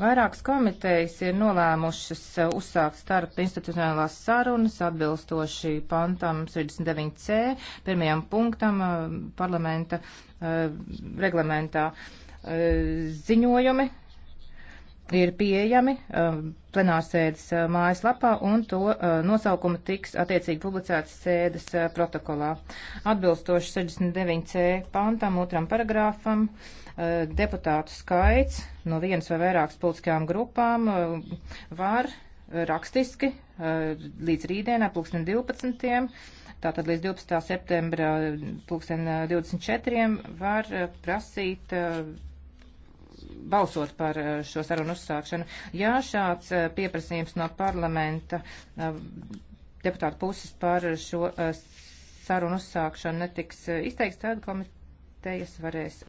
Vairākas komitejas ir nolēmušas uh, uzsākt starp institucionālās sarunas atbilstoši pantam 69c, pirmajam punktam uh, parlamenta uh, reglamentā ziņojumi ir pieejami um, plenārsēdes uh, mājaslapā un to uh, nosaukuma tiks attiecīgi publicēts sēdes uh, protokolā. Atbilstoši 69c pantam, otram paragrāfam, deputātu skaits no vienas vai vairākas politiskajām grupām var rakstiski līdz rītdienā, pulksten 12. Tātad līdz 12. septembra pulksten 24. var prasīt balsot par eh, šo sarunu uzsākšanu. Jā, šāds eh, pieprasījums no parlamenta eh, deputāta puses par šo sarunu uzsākšanu netiks izteikts, tad komitejas varēs